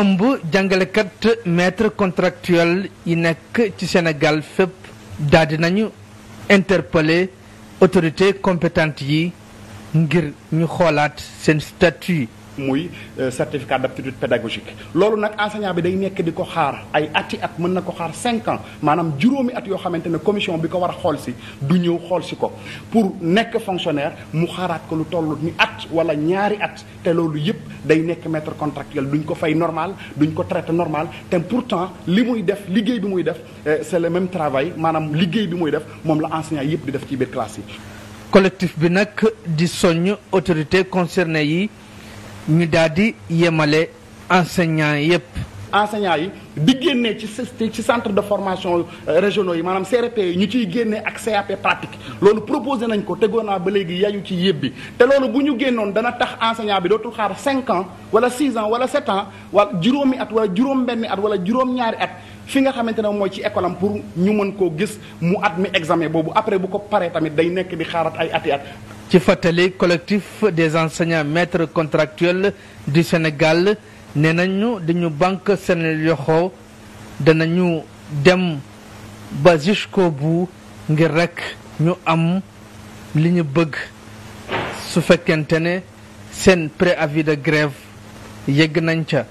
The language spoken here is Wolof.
ëmb jàngalekat maître contractuel yi nekk ci Sénégal fépp daal nañu interpeller autorités compétentes yi ngir ñu xoolaat seen statut muy euh, certificat d'aptitude pédagogique loolu nag enseignant bi day nekk di ko xaar ay ati at mën na ko xaar cinq ans maanaam juróomi at yoo xamante ne commission bi ko war a xool si du ñëw xool si ko pour nekk fonctionnaire mu xaaraat ko lu toll ni at wala ñaari at te loolu yëpp day nekk metre contractuelle duñ ko fay normal duñ ko traité normal te pourtant li muy def liggéey bi muy def euh, c'est le même travail maanaam liggéey bi muy def moom la enseignant yëpp di def ci biir classe yi collectif bi nag di soññ autorité concerné yi ñu daal di yemale enseignant yépp enseignants yi di génnee ci ci centre de formation euh, régionaux yi maanaam CRP yi ñu ciy génne ak CAP pratique loolu proposé nañ ko tegoon naa ba léegi yayu ci yëbbi te loolu bu ñu génnoon dana tax enseignant bi dootul xaar 5 ans wala 6 ans wala 7 ans wala juróomi at wala juróom-benni at wala juróom-ñaari at fi nga xamante ne mooy ci école am pour ñu mën koo gis mu at mi examen boobu après bu ko paree tamit day nekk di xaarat ay ati ci fàttali collectif des enseignants maîtres contractuels du Sénégal nee nañu dañu bank seen yoxo danañu dem ba jusqu'au bout ngir rekk ñu am li ñu bëgg su fekkente ne seen préavis de grève yegg nañ ca